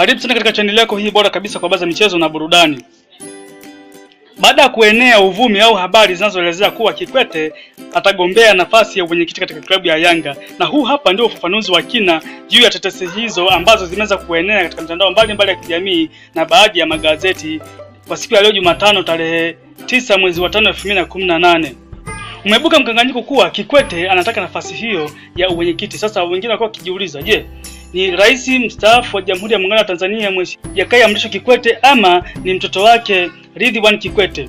Karibu sana katika chaneli yako hii bora kabisa kwa baza za michezo na burudani. Baada ya kuenea uvumi au habari zinazoelezea kuwa Kikwete atagombea nafasi ya uwenyekiti katika klabu ya Yanga, na huu hapa ndio ufafanuzi wa kina juu ya tetesi hizo ambazo zimeweza kuenea katika mitandao mbalimbali ya kijamii na baadhi ya magazeti kwa siku ya leo Jumatano tarehe 9 mwezi wa 5 2018. Umebuka mkanganyiko kuwa Kikwete anataka nafasi hiyo ya uwenyekiti. Sasa wengine wakawa wakijiuliza, je, ni rais mstaafu wa Jamhuri ya Muungano wa Tanzania Mheshimiwa Jakaya Mrisho Kikwete ama ni mtoto wake Ridhiwan Kikwete.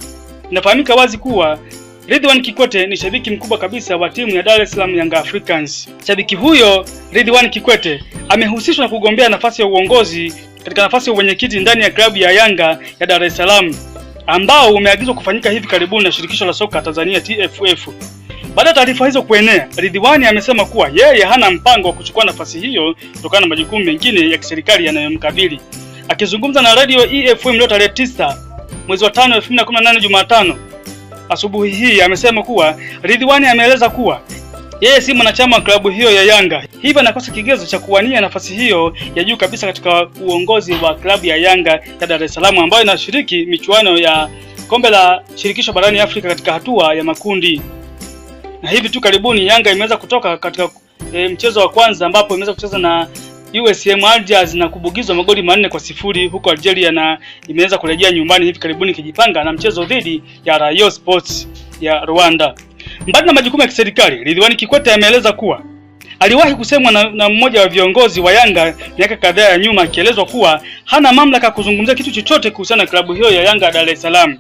Inafahamika wazi kuwa Ridhiwan Kikwete ni shabiki mkubwa kabisa wa timu ya Dar es Salaam Young Africans. Shabiki huyo Ridhiwan Kikwete amehusishwa na kugombea nafasi ya uongozi katika nafasi ya uwenyekiti ndani ya klabu ya Yanga ya Dar es Salaam ambao umeagizwa kufanyika hivi karibuni na shirikisho la soka Tanzania TFF. Baada ya taarifa hizo kuenea, Ridhiwani amesema kuwa yeye hana mpango wa kuchukua nafasi hiyo kutokana na majukumu mengine ya kiserikali yanayomkabili. Akizungumza na radio EFM leo tarehe 9 mwezi wa 5 2018 Jumatano asubuhi hii, amesema kuwa Ridhiwani ameeleza kuwa yeye si mwanachama wa klabu hiyo ya Yanga, hivyo anakosa kigezo cha kuwania nafasi hiyo ya juu kabisa katika uongozi wa klabu ya Yanga ya Dar es Salaam ambayo inashiriki michuano ya kombe la shirikisho barani Afrika katika hatua ya makundi na hivi tu karibuni Yanga imeweza kutoka katika e, mchezo wa kwanza ambapo imeweza kucheza na USM Algiers na kubugizwa magoli manne kwa sifuri huko Algeria, na imeweza kurejea nyumbani hivi karibuni ikijipanga na mchezo dhidi ya Rayon Sports ya Rwanda. Mbali na majukumu ya kiserikali, Ridhiwani Kikwete ameeleza kuwa aliwahi kusemwa na, na mmoja wa viongozi wa Yanga miaka kadhaa ya nyuma akielezwa kuwa hana mamlaka ya kuzungumzia kitu chochote kuhusiana na klabu hiyo ya Yanga Dar es Salaam.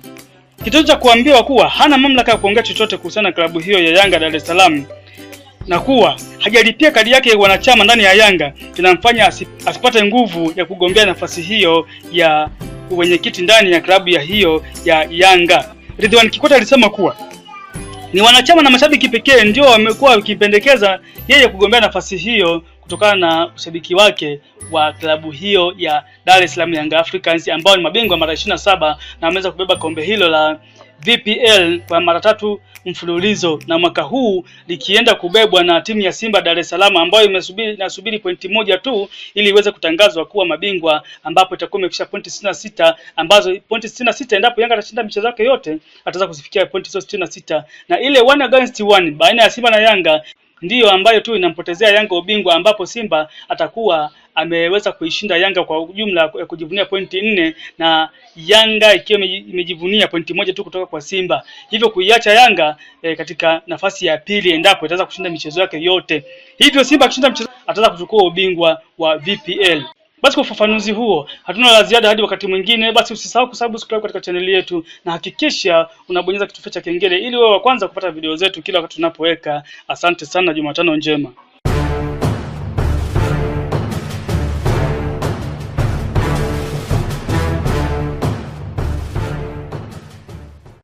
Kitendo cha kuambiwa kuwa hana mamlaka ya kuongea chochote kuhusiana na klabu hiyo ya Yanga Dar es Salaam na kuwa hajalipia kadi yake wanachama ndani ya Yanga kinamfanya asipate nguvu ya kugombea nafasi hiyo ya wenyekiti ndani ya klabu ya hiyo ya Yanga. Ridhiwani Kikwete alisema kuwa ni wanachama na mashabiki pekee ndio wamekuwa wakipendekeza yeye kugombea nafasi hiyo kutokana na ushabiki wake wa klabu hiyo ya Dar es Salaam Young Africans ambao ni mabingwa mara saba na wameweza kubeba kombe hilo la VPL kwa mara tatu mfululizo na mwaka huu likienda kubebwa na timu ya Simba Dar es Salaam ambayo imesubiri nasubiri pointi moja tu ili iweze kutangazwa kuwa mabingwa, ambapo itakuwa imefikisha pointi sitini na sita ambazo pointi sitini na sita endapo Yanga atashinda michezo yake yote ataweza kuzifikia pointi hizo sitini na sita na ile one against one baina ya Simba na Yanga ndiyo ambayo tu inampotezea Yanga ubingwa, ambapo Simba atakuwa ameweza kuishinda Yanga kwa ujumla kujivunia pointi nne na Yanga ikiwa imejivunia pointi moja tu kutoka kwa Simba, hivyo kuiacha Yanga e, katika nafasi ya pili endapo itaweza kushinda michezo yake yote. Hivyo Simba akishinda mchezo ataweza kuchukua ubingwa wa VPL. Basi kwa ufafanuzi huo hatuna la ziada hadi wakati mwingine. Basi usisahau kusubscribe katika chaneli yetu na hakikisha unabonyeza kitufe cha kengele ili wewe wa kwanza kupata video zetu kila wakati tunapoweka. Asante sana, Jumatano njema.